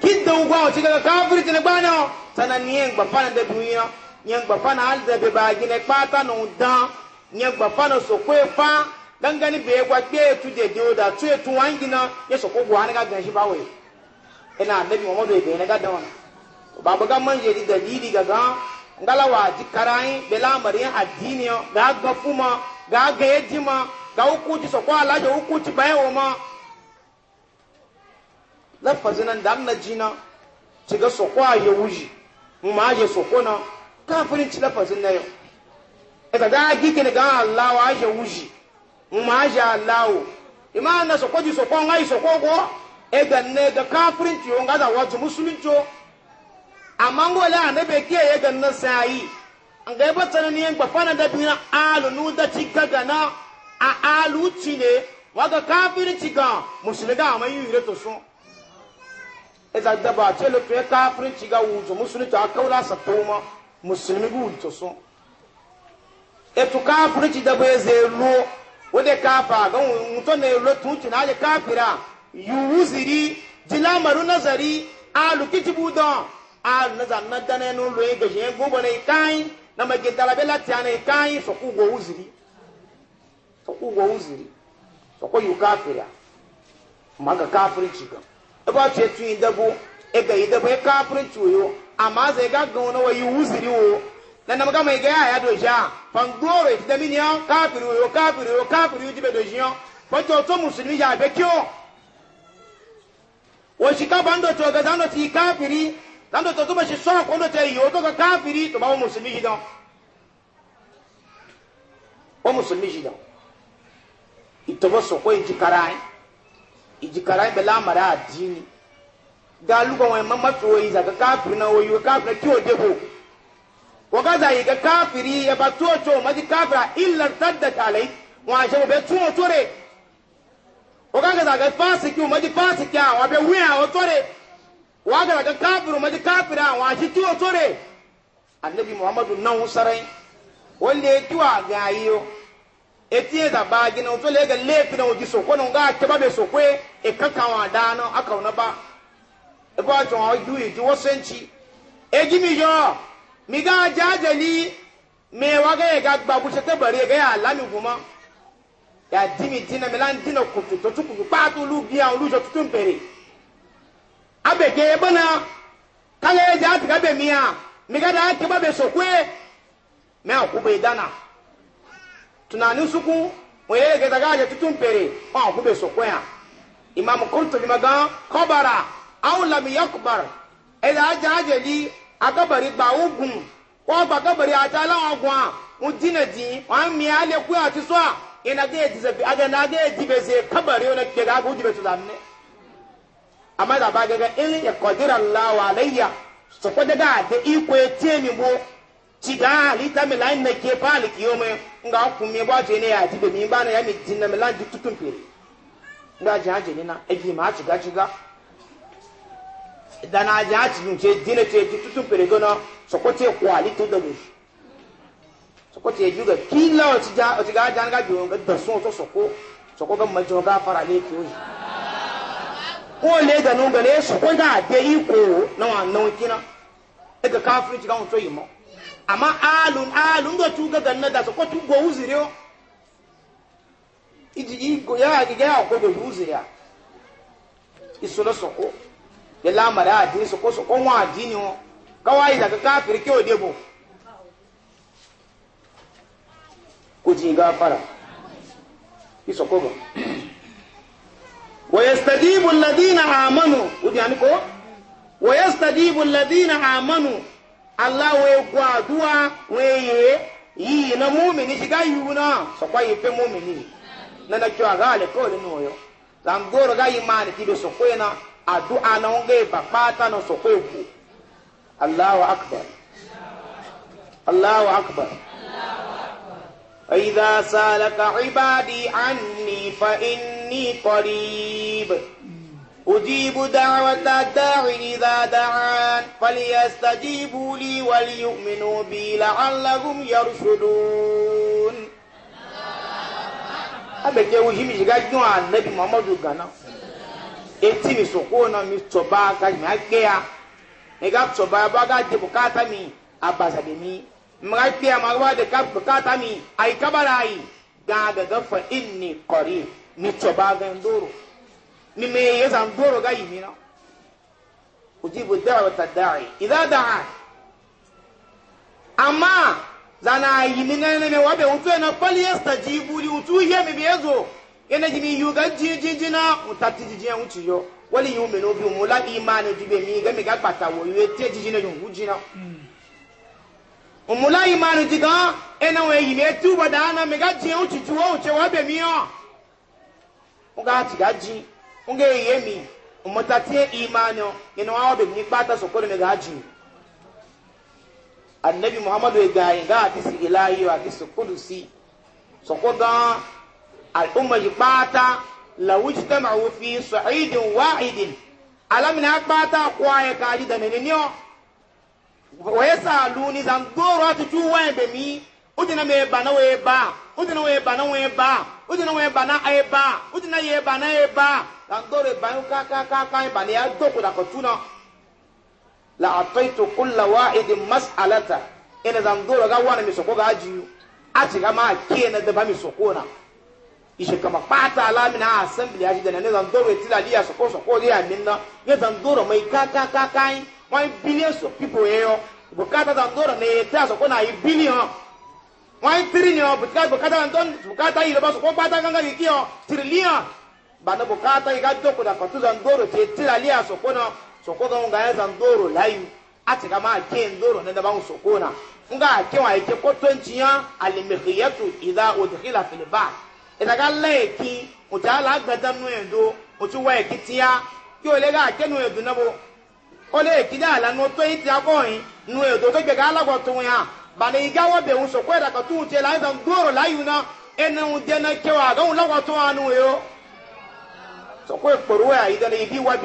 kin da ugwa o ci ga kafirci na gbana tsanani yin gbafana da biyu na yin gbafana halitta bai ba gina kpata na udan nye gbafa na sokwe fa dangane bai gwa gbe tu de de da tu e tu wangi na ya soko gwa na ga ganshi bawe ina annabi muhammadu e bai na ga da wannan ba buga manje di dalili ga ga ngala wa ji karai bela marin addini ga ga ma ga ga ma ga hukunci sokwa alaje hukunci bayewa ma lafazin nan da na jina ci ga sokwa ya wuji mu ma je sokona kafirin ci lafazin na yau ẹ̀sàdá kíkìrì gan aláwọ̀ ajẹ́ wùjì mọ̀ ajẹ́ aláwọ̀ ìmọ̀ àná sọ̀kọ́ ju sọ̀kọ́ ńlá ìsọ̀kọ́ wọ́ ẹ̀gà nà ẹ̀gà káfírin tì òun gàdà wọ́n tó mùsùlùmí tó àmọ́ ń ne be kí ẹ̀yẹ e na nà sàn ayé nga ni ngba fana da bina alu nu da ti na a alu ti ne wa ga kafirin ti ga musulmi ga amma to so eza da na tele to kafirin ti ga wuzo musulmi ta kaula sa to gu to so etu kafirci da bai zai lo wadda kafa ga mutum na yalo tunci na aje kafira yiwu ziri jilamaru nazari alu kitibu don alu na zanna dana nu lo ya gashi gobo na ikayi na mage dalabe latiya na ikayi soko ugwo uziri soko ugwo uziri soko yiwu kafira maga kafirci e ga ebe ce tun idabo ega idabo ya kafirci yo amma zai gaggawa na wa yiwu ziri wo na nam kama ike ya do ja pangoro ite mi nyo kafiri yo kafiri yo kafiri yo jibe do jiyo pato to muslimi ya be kyo wo shika bando to ga zando ti kafiri zando to tuba shi so ko ndo te yo to ga kafiri to ba muslimi ji don o muslimi ji don ito bo so ko ijikarai ijikarai bela mara adini galugo wa mamma to yi zaga kafiri na wo yi kafiri ki debo wọ́gázà yìí ka káfìrí ẹ̀bà tó tó mọ́tí káfìrà ilẹ̀ tàdàtà lẹ́yìn wọn àṣẹ wọ́n bẹ tún wọn tó rẹ̀ wọ́gázà ka fásikì mọ́tí fásikì àwọn abẹ wíyà wọn tó rẹ̀ wọ́gázà ka káfìrí mọ́tí káfìrà àwọn àṣẹ tí wọn tó rẹ̀ anabi muhammadu náwó sara yìí wọ́n lé kí wọ́n àgá yìí o etí ẹ̀ dàbà gínà wọ́n tó lé ka léèpì náà wọ́n ti sòkó náà wọ́n gá kẹ́bà bẹ sòkó kan wọn àdáná akàwọn náà bá ẹ̀ bá wọn tó wọn ju ìdíwọ́ sẹ́ńtì mi ga jajali me waga ga gbagu se te bare ga ala mi guma ya dimi dina mi lan dina ku tu tu ku pa tu lu bi an lu jo tu bere abege bana kale ja ti ga be mi a mi ga da ti ba be so kwe me ku be dana tunani suku o ye ga daga ja tu bere o ku be so kwe a imam qurtubi maga khabara aw lam yakbar ila e jajali agabari gba ogun wọn gba agabari ogun a wọn dina di wọn mi alekun ati so a ina na aga edibe se dị ona kega aga odibe to zanne amma da ba gaga in ya kodira allah wa alayya so ko de etie ti mi pali nga mi ya be mi ya mi dinna di nga dana aja ati nche dine te ti tutu pere gona sokote te to da mu te juga kila o ti ja o ti ga jan ga jo ga da sun to soko soko ga majo ga fara le ki o ko le da nun ga le soko ga de iko na wa nan kina daga kafiri ti ga on to yi mo amma alun alun ga tu ga na da soko tu go uzire o iji igo ya ga ya ko go uzire ya isola soko de lamara adini soko soko wọn adini wọn káwáyé ìdàgbà káfíìrì kí soko bò. a الذين آمنوا ودي ko Allah ye yi na mumini shiga yiwu na sokwa yi fe mumini na na kyo aga ale ko le zangoro ga addu'a na wange ba fata na so ko ku Allahu akbar Allahu akbar فإذا سالك عبادي عني فإني قريب أجيب دعوة الداع إذا دعان فليستجيبوا لي وليؤمنوا بي لعلهم يرشدون أبدا وجيب شجاع النبي محمد غنا eti mi soko na mi tsoba ka mi a mi ka tsoba ba ka di bukata mi abasa de mi mi ka gbea ma ba de ka bukata mi ayi kabara ayi gaa gaga fa inni kɔri mi tsoba ka n doro mi me ye zan doro ga yi mi na o ji bo dawa ta daɛ ida daa amma zana yi mi na ne me wa bɛ wutu e na pali ye sajibu li wutu ye mi bi zo. yana jibi yu ga jijiji na mutati jiji ya wuce yo wali yu mino bi mu la imani jibe mi ga mi ga pata wo yu te jiji na yu wuji na umula imani diga ena we yi me tu bada na mi ga ji wuce ju wo wuce wa be mi yo uga ti ga ji unge ye mi umutati imani ina wa be mi pata so ko mi ga ji annabi muhammadu ga yi ga ti si ilahi wa ti so kudusi so al'umma yi kpata la wujtama'u fi sa'idin wa'idin alamina kpata kwaye kaji da menene waye saluni zan goro tutu waye udina bana ba udina bana ba udina bana ba udina bana ba zan goro bana ya da tuna la ataitu wa'idin mas'alata ina zan goro ga wani ga ajiyu a ma na ishe kama pata alami na assembly ashi dana nezan doro etila liya soko soko liya minna nezan doro mai ka ka ka billions of people eyo bukata zan doro ne eta soko na i billion wai trillion bukata bukata zan don bukata ile ba soko pata ganga yikio trillion bana bukata iga doko da fatu zan etila liya soko na soko ga nga zan doro layu ati kama ake ndoro ne da soko na nga ake wa ake ko tontiya al idha udkhila fil ìtàgá lẹ́ẹ̀kí òtí alágbẹ̀dánú èdò òtí wọ èkí tí a kí o lè rí àkẹ́nu èdò náà bó ó lè kí ní àlànà tó yín ti akọ́rin nu èdò tó gbẹ̀gá alágbọ̀ tó wọn hàn bàlẹ̀ ìgáwọ́ bẹ̀rù sọ̀kọ́ ìdàkà tó wù tí ẹ̀ láyé gbòòrò láyù náà ẹnu dẹ́nà kẹwàá wọn nù yó ibi wà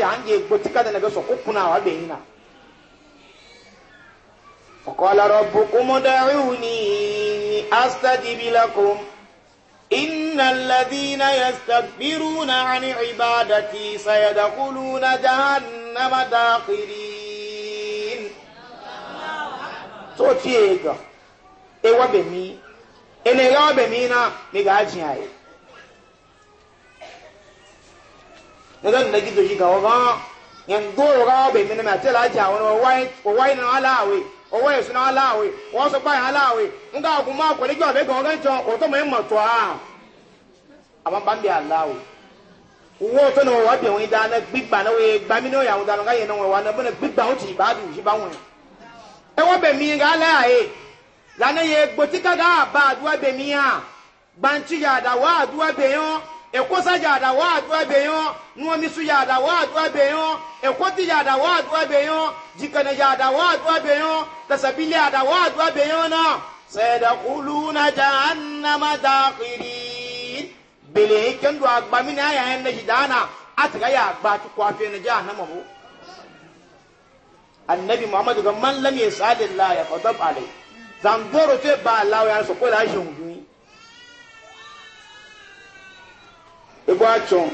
yà á ń وقال ربكم ادعوني أستجب لكم إن الذين يستكبرون عن عبادتي سيدخلون جهنم داخرين توتي إيغا إيوا بمي إن إيغا بمينا ميغاجي هاي نغن نجي دوشي غوغا يندورا بمينا ما تلاجي هاي وواي نالا هاي owó ẹ̀sìn náà aláàwẹ̀ wọ́n sọ báyìí aláàwẹ̀ ń ká ogun máa ọ gbàgbé gan ọ̀gá ìjọ òótọ́ mọ̀ ẹ́ mọ̀ tó a. àwọn bá ń bẹ aláàwẹ̀ owó tó ní wọn wá bẹ̀ wọn dáná gbígbà náà wọ́n gbà mí náà yàwọn dáná náà wá náà bọ́nà gbígbà ó ti bá wọn. ẹ wọ́n bẹ̀ mí àyè lànà gbòtíkàgà àbá ekosa yada wa adua beyo nuomisu yada wa adua beyo ekoti yada wa adua beyo jikana yada wa adua beyo tasabili yada wa adua beyo na sayadakuluna jahannama dakhirin bele kendo agba mini aya hen na jidana ataga ya agba tu kwa fe na jahannama ho annabi muhammadu ga man lam yasalillahi fa dab alai zangoro te ba lawa ya so ko la jungu ibwacin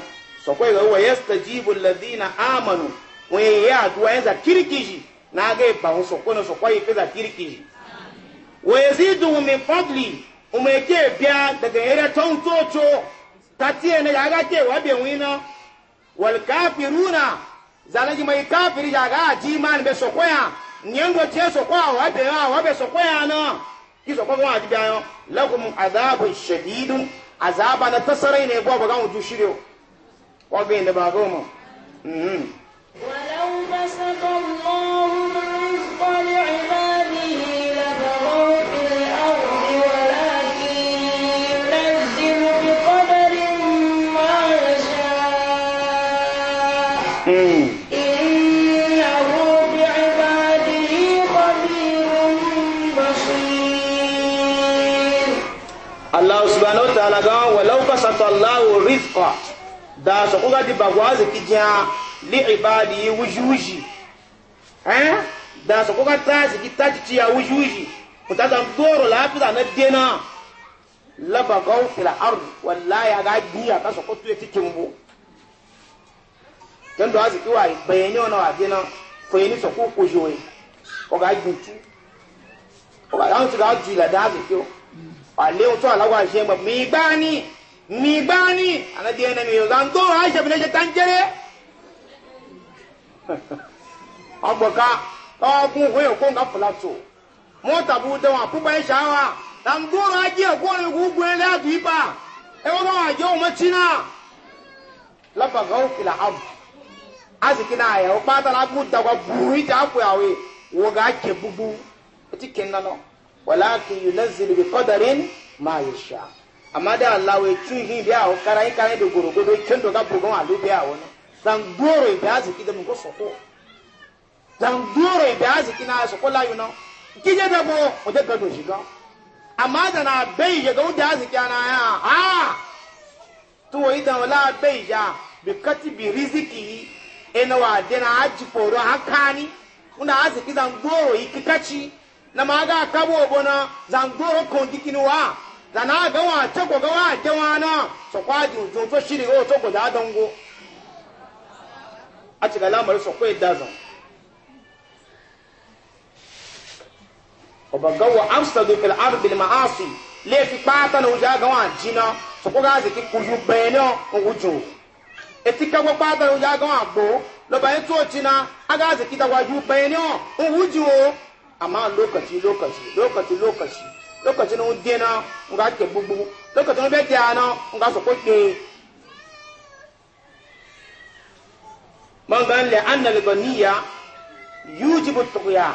sakwai ga wa yasta jibin ladina amanu wani ya aduwa ya za kirkiji na ga ibahun sakwai sakwai fi za kirkiji wa ya zidu min fadli umarke biya daga yare ton tocho ta tiye na yaga ke wabe wina wal kafiruna zalaji mai kafiri yaga a ji man be sokoya nyango ce tiye sokoya wabe wabe sokoya na ki sokoya a ji biya yau lakum azabun shadidun azaba na tasarai ne gwa bagan wuju shiryo wagai da ba goma mhm. walau basata Allahu rizqa Allah subhanahu wa ta'ala ga walau basata Allahu rizqa da so ko ga di bagwa ziki ja li ibadi wujuji eh da so ko ga ta ziki ta ci ya wujuji kuta da doro la fi da na dena la bagaw fil ard wallahi ga biya ka so ko tu yake kimbo dan do aziki wa bayani ona wa dena ko yini so ku ko joyi ko ga gintu ko ga dan ga ju la da aziki o wale utu alawa shemba mibani mibani mi na miyo zanto aisha bin aisha tanjere aboka ogun hoyo ko nga plato mota bu de wa ka e shawa dan goro aje ko e gawo kila ya o pata na bu da wa buru ita apo yawe wo ga ke bubu e no walakin yunazzilu bi qadarin ma yasha amma da Allah wai tun hin biya o karai karai da gorogodo kin do gabu gon alu biya o no dan doro da aziki da mun ko soko dan doro da aziki na soko la yuno kije da bo o de gado shiga amma da na bai ya ga da aziki ana ya ah to wai da wala bai ya bi katibi riziki ina wa dena aji poro hakani una aziki dan doro ikikachi na ma ga kabo bona zangoro kon kikini wa da na ga wa ce ko ga wa ke wa na so kwa ji zo to shiri o to ko da dango a ci ga lamar so ko da zan ọba gawo amsterdam fil ardi al ma'asi le fi pata na uja ga wa jina so ko ga ze ki kuju bene o wujo etika ko pata na uja ga wa gbo lo ba en to jina aga ze ki da waju bene o wujo amma lokaci lokaci lokaci lokaci lokaci na wudde na nga ke gbugbu lokaci na bɛdi ana nga sɔ kpekpe mangan lɛ an naliba niya yujibu tukuya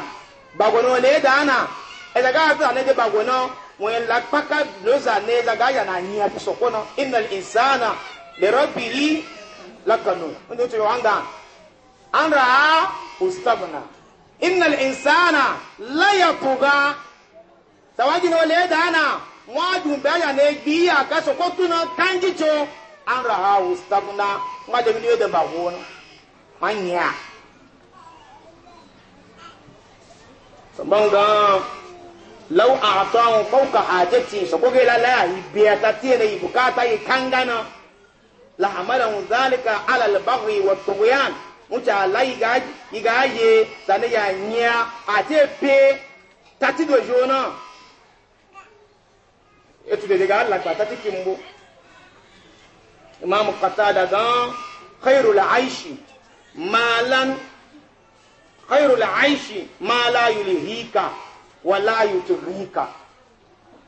bagono le dana ɛdaga ati ale de bagono wɔn la kpaka loza ne ɛdaga yana nyia sɔkɔ na inal insana lɛrɛ bihi lakanu n tɛ tɛ wɔn gan an ra ustabna. innal insana la yakuga sawaji no le dana mwaju mbaya ne biya kaso ko tuna kanjicho an raha ustabna ngade mi de ba won manya sambanga law a'tahu fawqa hajati so ko gela la ibiya tatiene ibukata ikangana la hamalahu zalika ala al-baghi wa tughyan ŋutsu ala yi ga yi ga ye sani ya nyia ati pe tati dojo na etu dojo ga alagba tati kimbo imaamu qatada gan khairu la aishi maalan khairu la aishi maala yulihika wala yutughika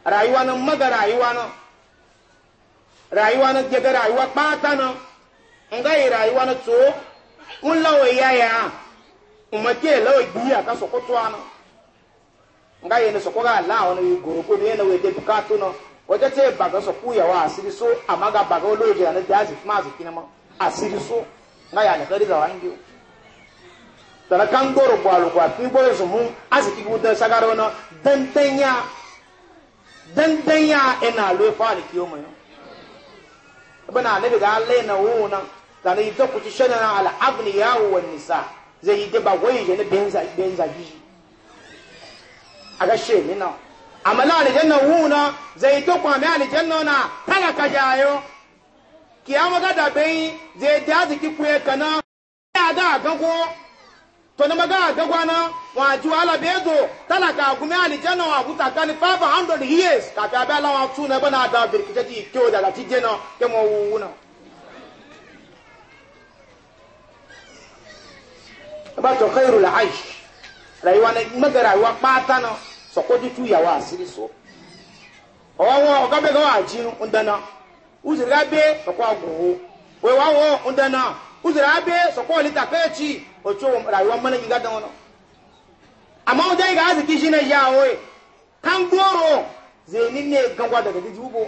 rayuwa na maga rayuwa na rayuwa na jega rayuwa kpaata na nga yi rayuwa na tso ńláwọ̀ ya yẹn hàn ọmọdé ẹ̀ lọ́wọ́ ìgbìyà ká sọ̀kọ́ tó àná nga yẹn sọ̀kọ́ ká láwọn ní gòròkó ní na wẹ̀dẹ̀ bùká tó nà ọjọ́ ya asiri so àmàgà ga olóòjì àná dí àzì fúnmá àzì kí ni mọ́ so nga yà nìkan dìgbà wá ń gbé o. tàrà ati ń gbòòrò bọ̀ na na. zana yi ta kuci shana na al'abni yawo wa nisa zai yi ba wai ya na ben zagi a ga she ni na amma na aljanna wuna zai yi ta kwame aljanna na talaka jayo kiyama ga da bai zai ta ziki kuye kana ya ga gago to na maga gago na wa ji wala bezo talaka gumi aljanna wa buta kan 500 years ka ta bala wa tuna bana da birkita ti kyo daga ti jena kemo wuna bá tọ kẹrù là áyì ràyíwá ní mẹgẹ ràyíwá pátá náà sọkọjú tú yàwó àṣírí so ọwọ wọn ọgá bẹẹ gáwọ àjí ń dáná uzùrì abẹ sọkọ àgùnwó wẹwà wọn ń dáná uzùrì abẹ sọkọ òlítà kẹẹchì òtú ràyíwá mẹlẹ yìí gádàn wọn. àmọ́ ọjọ́ yìí gáàsì kí ṣínà yà wọ́ eh. kangoro zèyí ní gangwa dàgbà dídì wúbo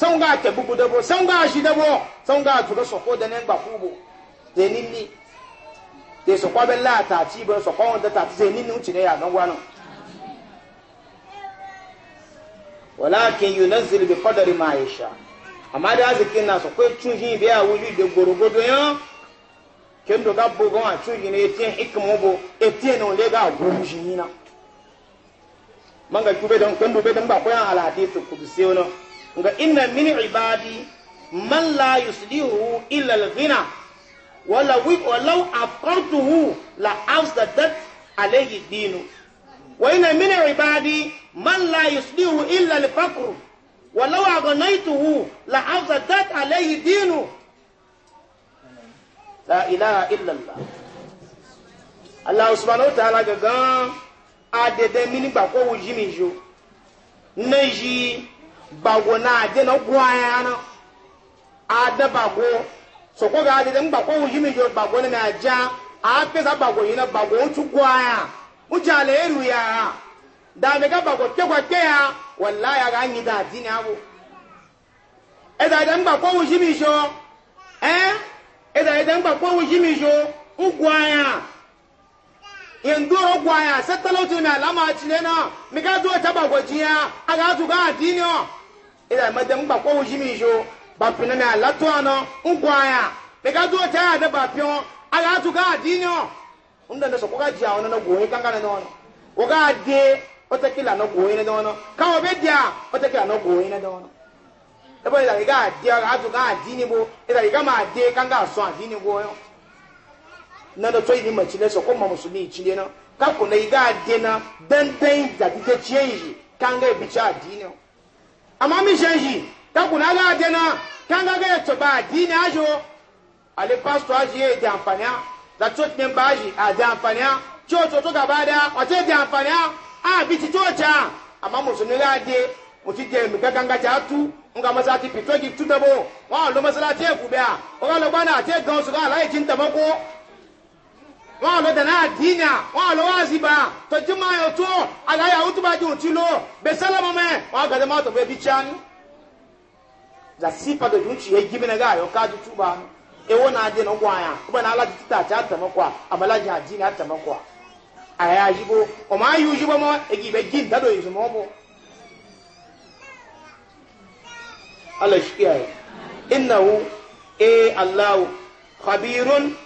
sanwó-gá àtẹ̀gbùgbù dẹ́bọ̀ sanwó-gá àṣì dẹ́bọ̀ sanwó-gá àtúrọ̀ sọ̀kọ́ dẹ́nẹ́gbà kúbò de sɔkɔ bɛ laa taa tii bɛ sɔkɔ wɔn tɛ taa ti sɛ ni nu ti ne yà lɔn wani. walakin yunazil bi qadari ma yasha amma da azikin na so kai tun hin biya wuju de gorogodo yan ken do gabbo gon a tun hin etin hikmu bo etin no le ga goru jinina manga kube don ken do be don ba ko yan al hadithu qudsi wono nga inna min ibadi man la yuslihu illa ولو أفقرته لأفسدت عليه الدين وإن من عبادي من لا يصدره إلا الفقر ولو أغنيته لأفسدت عليه الدين لا إله إلا الله الله سبحانه وتعالى قال adede mini gba ko wuji mi jo neji bawo na ade na gwa ya na ade bawo so ko ga da mba ko yi mi yo bago ne na ja a pe sa bago yi na bago tu kwa ya u ja le e ru ya da me ga bago ke kwa ke ya wallahi ga ni da dini abu e da da mba ko yi mi sho eh e da da mba ko yi mi sho u kwa ya in doro gwa ya sai talautu alama ci ne na mi ka do ta bago ji ya aga tu ga dini o e da ma da mba ko yi mi bapina na lato ano ugwa ya be ga do ta de bapio ala tu ga dinyo unda so ko ga ji awon na go kan kan no o ga o te kila no go no ka o be dia o te kila no go no e bo ga de ga tu ga bo ga ma go yo na da to yi ma chile so ko ma musumi chile no ka ko na ga de na dan dan da ti te chie yi bi cha takuna ga dena kanga ga to ba dini ajo ale pastor aji e da amfania da church member aji a da amfania church to ga bada o te da amfania a bi ti church ama mo sunu ga de mo ti je mi gaganga ja tu nga masa ti pito gi tu dabo wa lo masa la te ku be a o ga lo bana te gan su ga lai tin ta mako wọn lọ dana adiinya wa lọ wá ziba tọjú máa yọ tó àlàyé àwọn tó bá jẹ òtí lọ bẹsẹ lọmọ mẹ wọn gàdé má tọ bẹẹ bí tíá ni. za sifa da zuci ya gibi na ga yau ka ji tuba e wona je na gwaya kuma na alaji tita ta makwa na ta makwa aya jibo o ma yu jibo mo e gibe gin da do yizo mo ala shi kiyaye innahu e Allah khabirun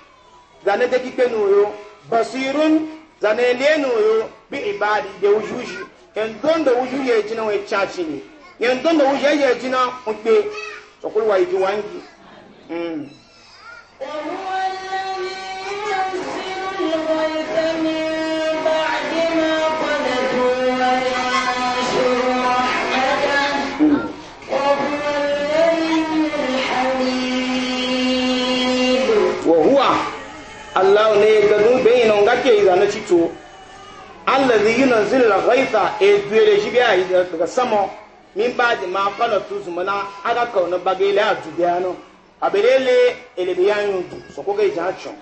zane da kike noyo basirun zane le noyo bi ibadi de wujuji en don da wujuji ya jina wai chachi yẹn tó ń dọ̀wọ́ yẹ yẹ jiná ń gbé sọkúrú wa ìdí hmm. wa ń jì. وهو ne gadun bayinan gake izana cito yi yunzilu al-ghaytha e dure shi biya daga sama min ba di ma kɔlɔ tu zumana a ka kaw na bage la a juguya nɔ a bɛ le le elebiya yi du sɔkɔ ke jan tiɲɛ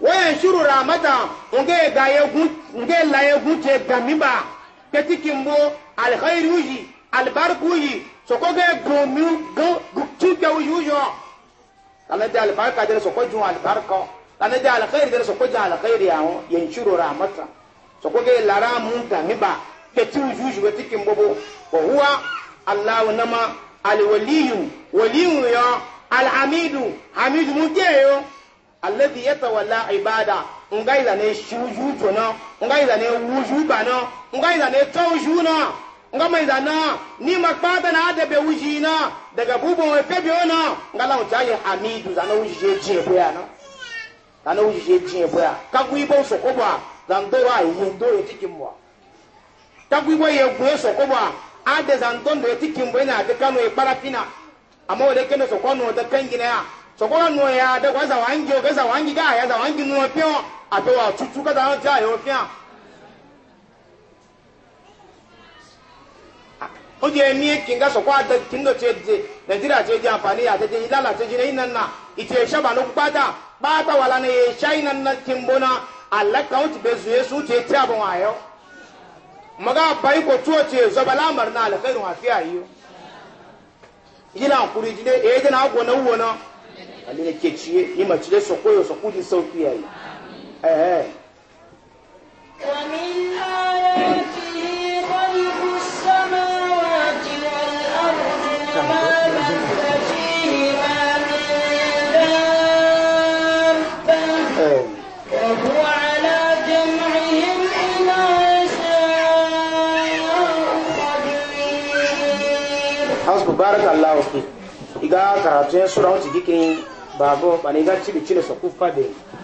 wɔyɛ suru ra a ma ta nke ga ye gun nke la ye gun cɛ gami ba kɛti kin bo alihayiriw yi alibarikuw yi sɔkɔ ke gun mi gun tu kɛw yi yɔ kana di alibarika de sɔkɔ jun alibarika kana di alihayiri de sɔkɔ jun alihayiri yɛn suru ra a ma ta sɔkɔ ke lara mun gami keti ujuju wati kin bobo wa huwa allah nama alwaliyu waliyu ya alhamidu hamidu mu je yo alladhi yatawalla ibada nga ila ne shuju jona nga ila ne wuju bana nga ila ne tawju na nga mai da na ni makpata na adabe wuji na daga bubon wa pebe ona nga la utaye hamidu za na wuji je je boya na za na wuji je je boya ka ku ibo so ko ba dan do wa takwibo ye gbe soko ba a de zanton do ti kimbo na de kanu e parafina amma wode kene soko no de kengine ya soko ga no ya de kwa za wangi o ga za wangi ga ya za wangi no pio a to wa tutu ka za ja yo pia o je mi e kinga soko a de kindo che je nigeria che je afani ya de je ilala che je ina na ite shaba no kwata ba ta wala ne ye shaina na kimbona alaka o ti bezu yesu che ti abon ayo maga bai ko toce zaba lamar na alkhairin afiya yi gina kuri jide e gina ko na uwo na ali ne ke ciye ni ma cile so koyo so kudi sauki yayi eh eh ومن آياته خلق السماوات to barakallahu fi iga karatu ya sura wuce gikin babo bani ga cibi cire sa kufa da